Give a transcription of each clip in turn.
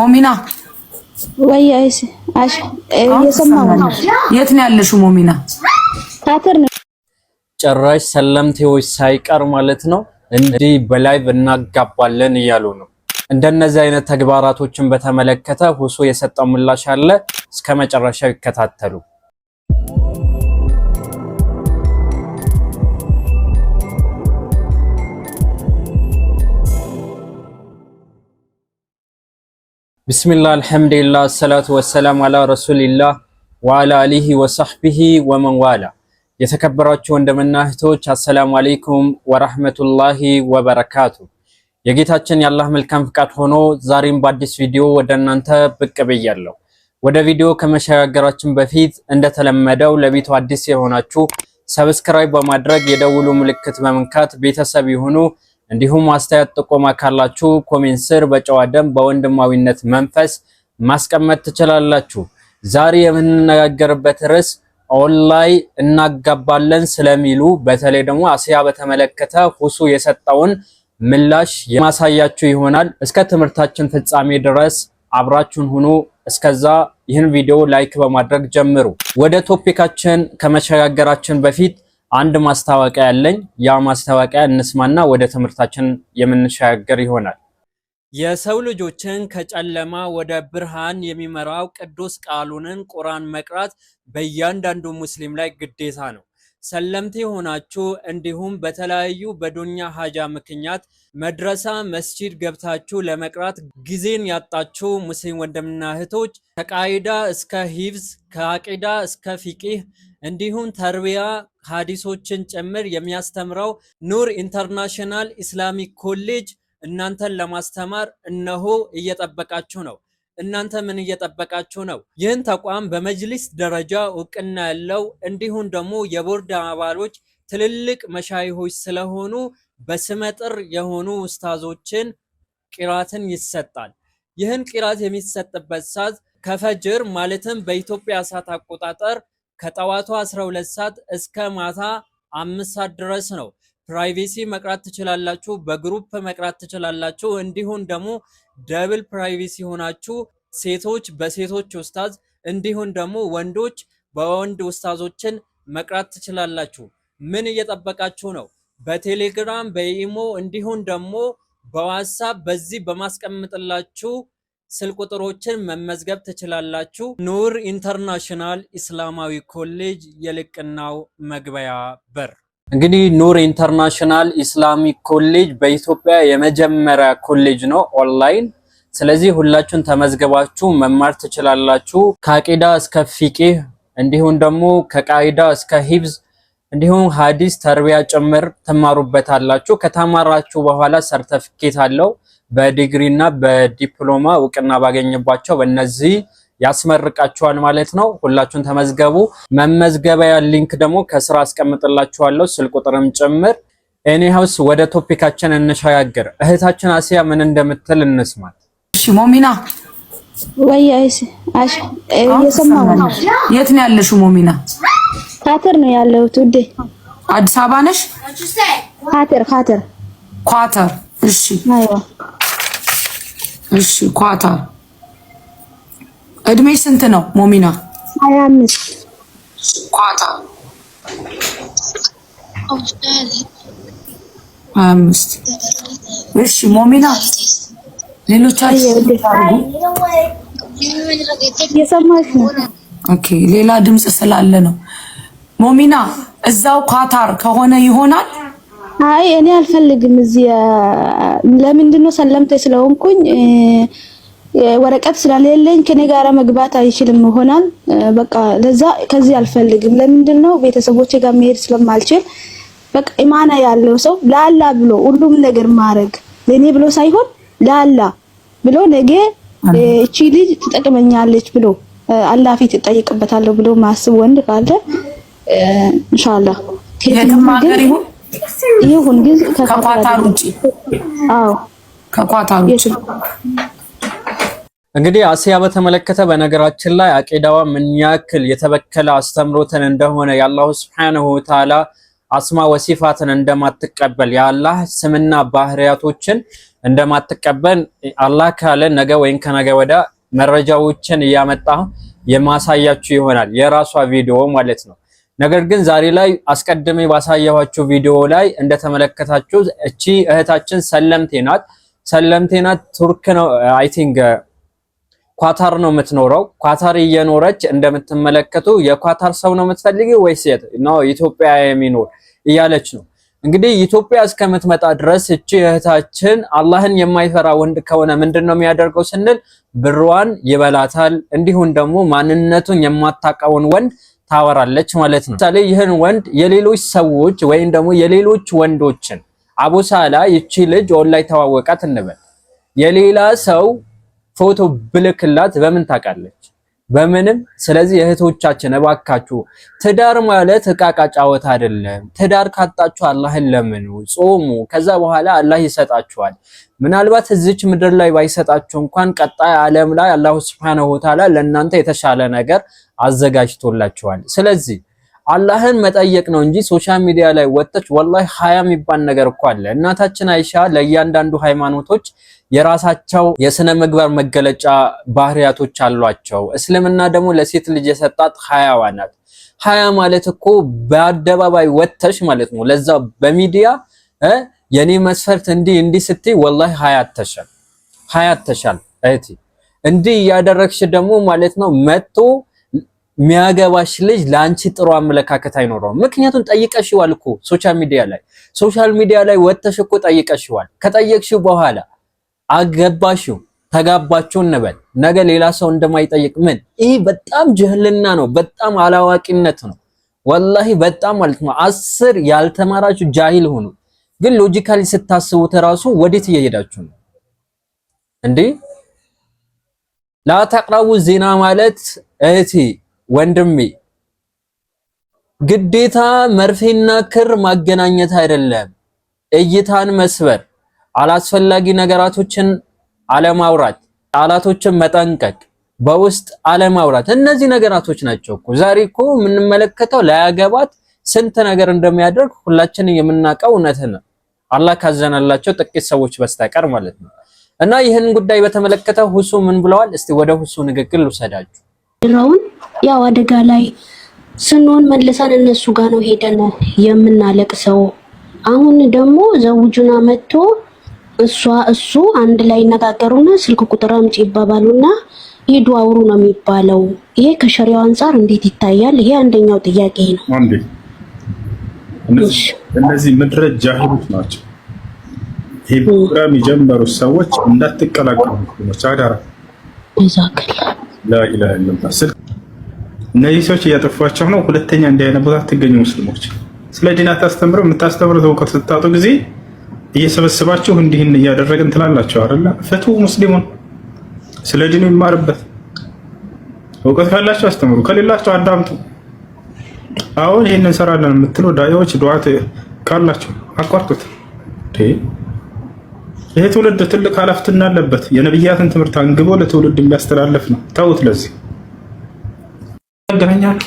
ሞሚና ወይ አይሽ አሽ እየሰማሁ ነው። የት ነው ያለሽው ሞሚና? ታተር ነው ጭራሽ ሰለምቴዎች ሳይቀር ማለት ነው እንዲህ በላይቭ እናጋባለን እያሉ ነው። እንደነዚህ አይነት ተግባራቶችን በተመለከተ ሁሱ የሰጠው ምላሽ አለ። እስከ መጨረሻው ይከታተሉ። ቢስሚላህ አልሐምዱሊላህ አሰላቱ ወሰላም አላ ረሱሊላህ ወአላ አሊሂ ወሳህቢሂ ወመንዋላ። የተከበራችሁ ወንድምና እህቶች አሰላሙ አሌይኩም ወራህመቱላሂ ወበረካቱ። የጌታችን የአላህ መልካም ፍቃድ ሆኖ ዛሬም በአዲስ ቪዲዮ ወደ እናንተ ብቅ ብያለሁ። ወደ ቪዲዮ ከመሸጋገራችን በፊት እንደተለመደው ለቤቱ አዲስ የሆናችሁ ሰብስክራይብ በማድረግ የደውሉ ምልክት በመንካት ቤተሰብ ይሁኑ። እንዲሁም አስተያየት ጥቆማ ካላችሁ ኮሜንት ስር በጨዋ ደም በወንድማዊነት መንፈስ ማስቀመጥ ትችላላችሁ። ዛሬ የምንነጋገርበት ርዕስ ኦንላይን እናጋባለን ስለሚሉ በተለይ ደግሞ አሲያ በተመለከተ ሁሱ የሰጠውን ምላሽ የማሳያችሁ ይሆናል። እስከ ትምህርታችን ፍጻሜ ድረስ አብራችሁን ሁኑ። እስከዛ ይህን ቪዲዮ ላይክ በማድረግ ጀምሩ። ወደ ቶፒካችን ከመሸጋገራችን በፊት አንድ ማስታወቂያ ያለኝ ያ ማስታወቂያ እንስማና ወደ ትምህርታችን የምንሻገር ይሆናል። የሰው ልጆችን ከጨለማ ወደ ብርሃን የሚመራው ቅዱስ ቃሉንን ቁርአን መቅራት በእያንዳንዱ ሙስሊም ላይ ግዴታ ነው። ሰለምት ሆናችሁ እንዲሁም በተለያዩ በዱንያ ሀጃ ምክንያት መድረሳ መስጂድ ገብታችሁ ለመቅራት ጊዜን ያጣችሁ ሙስሊም ወንድምና እህቶች ከቃይዳ እስከ ሂፍዝ ከአቂዳ እስከ ፊቂህ እንዲሁም ተርቢያ ሀዲሶችን ጭምር የሚያስተምረው ኑር ኢንተርናሽናል ኢስላሚክ ኮሌጅ እናንተን ለማስተማር እነሆ እየጠበቃችሁ ነው። እናንተ ምን እየጠበቃችሁ ነው? ይህን ተቋም በመጅሊስ ደረጃ እውቅና ያለው እንዲሁም ደግሞ የቦርድ አባሎች ትልልቅ መሻይሆች ስለሆኑ በስመጥር የሆኑ ውስታዞችን ቂራትን ይሰጣል። ይህን ቂራት የሚሰጥበት ሰዓት ከፈጅር ማለትም በኢትዮጵያ ሰዓት አቆጣጠር ከጠዋቱ 12 ሰዓት እስከ ማታ አምስት ሰዓት ድረስ ነው። ፕራይቬሲ መቅራት ትችላላችሁ፣ በግሩፕ መቅራት ትችላላችሁ። እንዲሁም ደግሞ ደብል ፕራይቬሲ ሆናችሁ ሴቶች በሴቶች ኡስታዝ እንዲሁም ደግሞ ወንዶች በወንድ ኡስታዞችን መቅራት ትችላላችሁ። ምን እየጠበቃችሁ ነው? በቴሌግራም በኢሞ እንዲሁም ደግሞ በዋትሳፕ በዚህ በማስቀምጥላችሁ ስልክ ቁጥሮችን መመዝገብ ትችላላችሁ። ኑር ኢንተርናሽናል ኢስላማዊ ኮሌጅ የልቅናው መግቢያ በር እንግዲህ ኑር ኢንተርናሽናል ኢስላሚክ ኮሌጅ በኢትዮጵያ የመጀመሪያ ኮሌጅ ነው ኦንላይን። ስለዚህ ሁላችሁን ተመዝግባችሁ መማር ትችላላችሁ። ከአቂዳ እስከ ፊቂህ እንዲሁም ደግሞ ከቃይዳ እስከ ሂብዝ እንዲሁም ሀዲስ ተርቢያ ጭምር ትማሩበታላችሁ። ከተማራችሁ በኋላ ሰርተፍኬት አለው። በዲግሪ እና በዲፕሎማ እውቅና ባገኝባቸው። በእነዚህ ያስመርቃችኋል ማለት ነው። ሁላችሁን ተመዝገቡ። መመዝገቢያ ሊንክ ደግሞ ከስራ አስቀምጥላችኋለሁ ስልክ ቁጥርም ጭምር። ሀውስ ወደ ቶፒካችን እንሸጋግር። እህታችን አሲያ ምን እንደምትል እንስማት። እሺ ሞሚና ወይ አይሽ አሽ እየሰማሁ ነው። የት ነው ያለሽው ሞሚና? ካተር ነው ያለሁት ውዴ። አዲስ አበባ ነሽ? ካተር ካተር ኳተር። እሺ አይዋ እሺ ኳተር እድሜ ስንት ነው ሞሚና? ሀያ አምስት ሀያ አምስት እሺ ሞሚና ሌሎቻችሁ ሌላ ድምፅ ስላለ ነው። ሞሚና እዛው ኳታር ከሆነ ይሆናል። አይ እኔ አልፈልግም። እዚህ ለምንድን ነው ሰለምቴ ስለሆንኩኝ ወረቀት ስለሌለኝ ከኔ ጋራ መግባት አይችልም ይሆናል። በቃ ለዛ ከዚህ አልፈልግም። ለምንድን ነው ቤተሰቦቼ ጋር መሄድ ስለማልችል በቃ ኢማና ያለው ሰው ላላ ብሎ ሁሉም ነገር ማድረግ ለኔ ብሎ ሳይሆን ላላ ብሎ ነገ እቺ ልጅ ትጠቅመኛለች ብሎ አላፊ ትጠይቅበታለሁ ብሎ ማስብ ወንድ ካለ ኢንሻአላህ ይሁን ግን ከኳታር ውጪ አዎ ከኳታር ውጪ እንግዲህ አሲያ በተመለከተ በነገራችን ላይ አቂዳዋ ምን ያክል የተበከለ አስተምሮትን እንደሆነ የአላሁ ስብሓንሁ ተዓላ አስማ ወሲፋትን እንደማትቀበል የአላህ ስምና ባህሪያቶችን እንደማትቀበል አላህ ካለ ነገ ወይም ከነገ ወዳ መረጃዎችን እያመጣ የማሳያችሁ ይሆናል። የራሷ ቪዲዮ ማለት ነው። ነገር ግን ዛሬ ላይ አስቀድሜ ባሳየኋችሁ ቪዲዮ ላይ እንደተመለከታችሁ እቺ እህታችን ሰለምቴ ናት። ሰለምቴ ናት ቱርክ ነው አይ ቲንክ ኳታር ነው የምትኖረው። ኳታር እየኖረች እንደምትመለከቱ የኳታር ሰው ነው የምትፈልጊው ወይስ ነው ኢትዮጵያ የሚኖር እያለች ነው እንግዲህ ኢትዮጵያ እስከምትመጣ ድረስ እቺ እህታችን አላህን የማይፈራ ወንድ ከሆነ ምንድን ነው የሚያደርገው ስንል ብሯን ይበላታል። እንዲሁም ደግሞ ማንነቱን የማታውቀውን ወንድ ታወራለች ማለት ነው። ምሳሌ ይህን ወንድ የሌሎች ሰዎች ወይም ደግሞ የሌሎች ወንዶችን አቡሳላ ይቺ ልጅ ኦን ተዋወቃት እንበል የሌላ ሰው ፎቶ ብልክላት በምን ታውቃለች? በምንም። ስለዚህ እህቶቻችን እባካችሁ ትዳር ማለት እቃቃ ጫወት አይደለም። ትዳር ካጣችሁ አላህን ለምኑ፣ ጾሙ። ከዛ በኋላ አላህ ይሰጣችኋል። ምናልባት እዚች ምድር ላይ ባይሰጣችሁ እንኳን ቀጣይ ዓለም ላይ አላሁ ሱብሓነሁ ወተዓላ ለእናንተ የተሻለ ነገር አዘጋጅቶላችኋል። ስለዚህ አላህን መጠየቅ ነው እንጂ ሶሻል ሚዲያ ላይ ወጥተች ወላሂ ሀያ የሚባል ነገር እኮ አለ። እናታችን አይሻ ለእያንዳንዱ ሃይማኖቶች የራሳቸው የስነ ምግባር መገለጫ ባህሪያቶች አሏቸው። እስልምና ደግሞ ለሴት ልጅ የሰጣት ሀያዋ ናት። ሀያ ማለት እኮ በአደባባይ ወጥተሽ ማለት ነው። ለዛ በሚዲያ የኔ መስፈርት እንዲህ እንዲህ ስትይ ወላሂ ሀያ አተሻል እህቴ። እንዲህ እያደረግሽ ደግሞ ማለት ነው መጥቶ ሚያገባሽ ልጅ ለአንቺ ጥሩ አመለካከት አይኖረውም። ምክንያቱም ጠይቀሽዋል እኮ ሶሻል ሚዲያ ላይ ሶሻል ሚዲያ ላይ ወጥተሽ እኮ ጠይቀሽዋል። ከጠየቅሽው በኋላ አገባሽው ተጋባችሁ እንበል ነገ ሌላ ሰው እንደማይጠይቅ ምን? ይህ በጣም ጅህልና ነው፣ በጣም አላዋቂነት ነው። ወላሂ በጣም ማለት ነው። አስር ያልተማራችሁ ጃሂል ሆኑ። ግን ሎጂካሊ ስታስቡት ራሱ ወዴት እየሄዳችሁ ነው እንዴ? ላተቅረቡ ዜና ማለት እህቴ ወንድሜ ግዴታ መርፌና ክር ማገናኘት አይደለም፣ እይታን መስበር፣ አላስፈላጊ ነገራቶችን አለማውራት፣ ቃላቶችን መጠንቀቅ፣ በውስጥ አለማውራት፣ እነዚህ ነገራቶች ናቸው እኮ ዛሬ እኮ የምንመለከተው ላያገባት ስንት ነገር እንደሚያደርግ ሁላችን የምናውቀው እውነት ነው። አላህ ካዘነላቸው ጥቂት ሰዎች በስተቀር ማለት ነው። እና ይህን ጉዳይ በተመለከተ ሁሱ ምን ብለዋል? እስቲ ወደ ሁሱ ንግግር ልውሰዳችሁ። የሚያደራውን ያው አደጋ ላይ ስንሆን መልሰን እነሱ ጋር ነው ሄደን የምናለቅሰው። አሁን ደግሞ ዘውጁና መጥቶ እሷ እሱ አንድ ላይ ይነጋገሩና ስልክ ቁጥር አምጪ ይባባሉና ሂዱ አውሩ ነው የሚባለው። ይሄ ከሸሪያው አንጻር እንዴት ይታያል? ይሄ አንደኛው ጥያቄ ነው። እነዚህ ምድረ ጃሂሎች ናቸው። ይሄ ፕሮግራም የጀመሩት ሰዎች እንዳትቀላቀሉ ነው። እነዚህ ሰዎች እያጠፏቸው ነው። ሁለተኛ እንዲህ አይነት ቦታ ትገኙ ሙስሊሞች ስለ ዲን አታስተምረው። የምታስተምሩት እውቀት ስታጡ ጊዜ እየሰበሰባችሁ እንዲህን እያደረግን ትላላቸው አለ። ፍቱ ሙስሊሙን ስለ ዲኑ ይማርበት። እውቀት ካላቸው አስተምሩ፣ ከሌላቸው አዳምጡ። አሁን ይህን እንሰራለን የምትሉ ዳያዎች ዱዓት ካላቸው አቋርጡት። ይሄ ትውልድ ትልቅ ኃላፊነት አለበት። የነብያትን ትምህርት አንግቦ ለትውልድ የሚያስተላልፍ ነው። ተውት። ለዚህ ያገናኛል።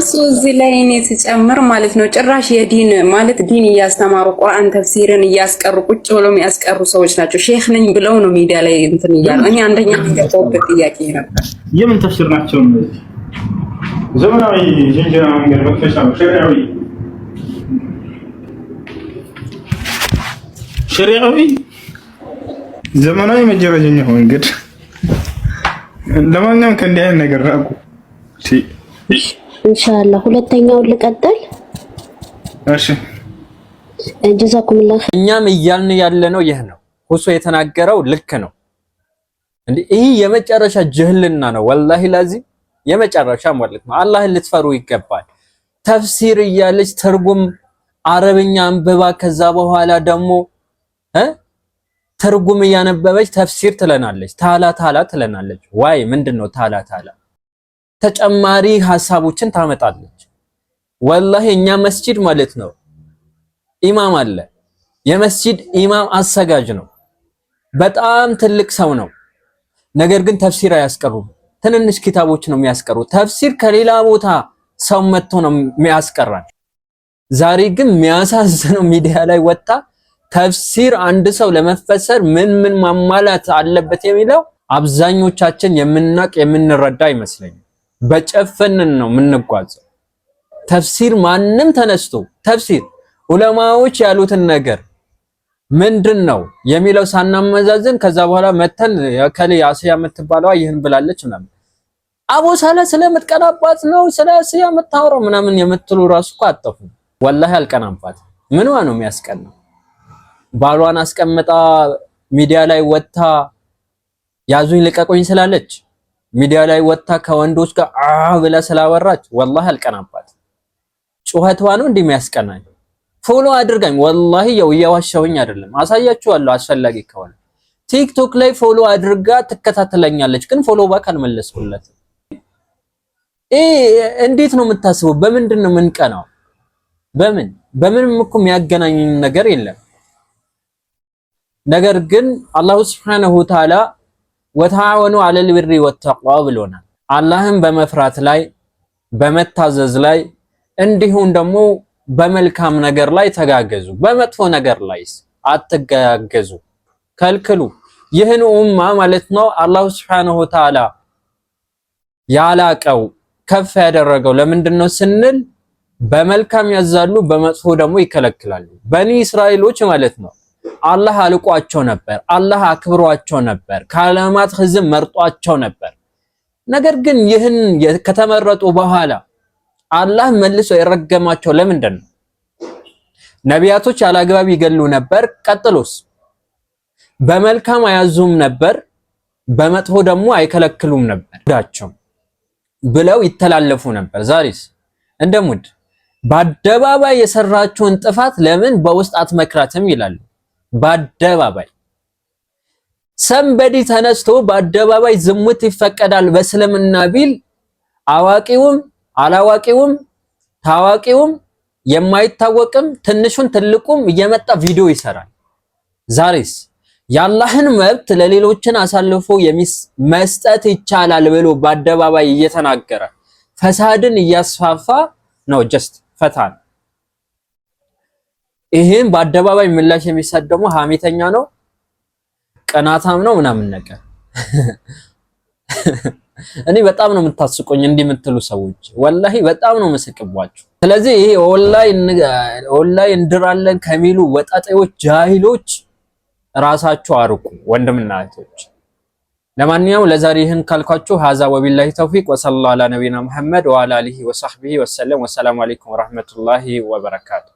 እሱ እዚህ ላይ እኔ ስጨምር ማለት ነው ጭራሽ የዲን ማለት ዲን እያስተማሩ ቁርአን ተፍሲርን እያስቀሩ ቁጭ ብለው የሚያስቀሩ ሰዎች ናቸው። ሼክ ነኝ ብለው ነው ሚዲያ ላይ እንትን እያሉ እኔ አንደኛ ሚገባበት ጥያቄ ነበር። የምን ተፍሲር ናቸው እነዚህ? ዘመናዊ ጅንጀና መንገድ መክፈቻ ነው። ሸሪዓዊ ሸሪዓዊ ዘመናዊ መጀረጀኛ መንገድ። ለማንኛውም ከእንዲህ አይነት ነገር ራቁ። ሁለተኛውን ልቀጥል። እሺ ጀዛኩሙላህ። እኛም እያልን ያለ ነው ይህ ነው። ሁሶ የተናገረው ልክ ነው። እንዴ ይህ የመጨረሻ ጅህልና ነው ወላሂ ላዚም የመጨረሻ ማለት ነው። አላህን ልትፈሩ ይገባል። ተፍሲር እያለች ትርጉም አረብኛ አንብባ ከዛ በኋላ ደግሞ ትርጉም እያነበበች ተፍሲር ትለናለች። ታላ ታላ ትለናለች። ዋይ ምንድን ነው ታላ ታላ? ተጨማሪ ሀሳቦችን ታመጣለች። ወላሂ እኛ መስጂድ ማለት ነው ኢማም አለ። የመስጂድ ኢማም አሰጋጅ ነው። በጣም ትልቅ ሰው ነው። ነገር ግን ተፍሲር አያስቀሩም። ትንንሽ ኪታቦች ነው የሚያስቀሩ ተፍሲር ከሌላ ቦታ ሰው መጥቶ ነው የሚያስቀራል። ዛሬ ግን የሚያሳዝነው ሚዲያ ላይ ወጣ ተፍሲር አንድ ሰው ለመፈሰር ምን ምን ማሟላት አለበት የሚለው አብዛኞቻችን የምናቅ የምንረዳ አይመስለኝም። በጨፈንን ነው የምንጓዘው። ተፍሲር ማንም ተነስቶ ተፍሲር ዑለማዎች ያሉትን ነገር ምንድን ነው የሚለው ሳናመዛዝን ከዛ በኋላ መተን ከሌ አስያ የምትባለዋ ይህን ብላለች ምናምን አቡ ሳላ ስለምትቀናባት ነው ስለ አስያ የምታወራው ምናምን የምትሉ ራሱ እኮ አጠፉ። ወላሂ አልቀናባት። ምኗ ነው የሚያስቀናው? ባሏን አስቀምጣ ሚዲያ ላይ ወጥታ ያዙኝ ልቀቁኝ ስላለች ሚዲያ ላይ ወጥታ ከወንዶች ጋር አ ብላ ስላወራች ወላሂ አልቀናባት። ጩኸቷ ነው የሚያስቀናኝ። ፎሎ አድርጋኝ። ወላሂ ያው እያዋሻሁኝ አይደለም፣ አሳያችኋለሁ አስፈላጊ ከሆነ ቲክቶክ ላይ ፎሎ አድርጋ ትከታተለኛለች፣ ግን ፎሎ ባክ አልመለስኩለትም። እንዴት ነው የምታስበው? በምንድን ነው የምንቀናው? በምን በምንም እኮ የሚያገናኘኝ ነገር የለም። ነገር ግን አላሁ ሱብሓነሁ ወተዓላ ወተዓወኑ ዐለል ቢሪ ወተቅዋ ብሎናል። አላህን በመፍራት ላይ በመታዘዝ ላይ እንዲሁም ደግሞ በመልካም ነገር ላይ ተጋገዙ፣ በመጥፎ ነገር ላይስ አትጋገዙ፣ ከልክሉ። ይህን ኡማ ማለት ነው አላሁ ስብሐነሁ ወተዓላ ያላቀው ከፍ ያደረገው ለምንድን ነው ስንል በመልካም ያዛሉ፣ በመጥፎ ደግሞ ይከለክላሉ። በኒ እስራኤሎች ማለት ነው አላህ አልቋቸው ነበር፣ አላህ አክብሯቸው ነበር፣ ከዓለማት ህዝብ መርጧቸው ነበር። ነገር ግን ይህን ከተመረጡ በኋላ አላህ መልሶ የረገማቸው ለምንድን ነው? ነቢያቶች ያላግባብ ይገሉ ነበር። ቀጥሎስ በመልካም አያዙም ነበር፣ በመጥፎ ደግሞ አይከለክሉም ነበር። ዳቸው ብለው ይተላለፉ ነበር። ዛሬስ እንደ ሙድ በአደባባይ የሰራችውን ጥፋት ለምን በውስጥ አትመክራትም ይላሉ። በአደባባይ ሰንበዲ ተነስቶ በአደባባይ ዝሙት ይፈቀዳል በእስልምና ቢል አዋቂውም አላዋቂውም ታዋቂውም የማይታወቅም ትንሹን ትልቁም እየመጣ ቪዲዮ ይሰራል። ዛሬስ የአላህን መብት ለሌሎችን አሳልፎ መስጠት ይቻላል ብሎ በአደባባይ እየተናገረ ፈሳድን እያስፋፋ ነው። ጀስት ፈታን። ይህም በአደባባይ ምላሽ የሚሰጥ ደግሞ ሀሜተኛ ነው፣ ቅናታም ነው ምናምን ነገር እኔ በጣም ነው የምታስቆኝ እንዲህ የምትሉ ሰዎች ወላሂ በጣም ነው የምስቅባችሁ። ስለዚህ ይሄ ኦንላይን እንድራለን ከሚሉ ወጣጤዎች፣ ጃሂሎች ራሳችሁ አርቁ ወንድምና እህቶች። ለማንኛውም ለዛሬ ይህን ካልኳችሁ ሀዛ ወቢላሂ ተውፊቅ ወሰላ ነብይና ነቢና ሙሐመድ ወአላ አሊሂ ወሰለም። ወሰላሙ አለይኩም ወራህመቱላሂ ወበረካቱ።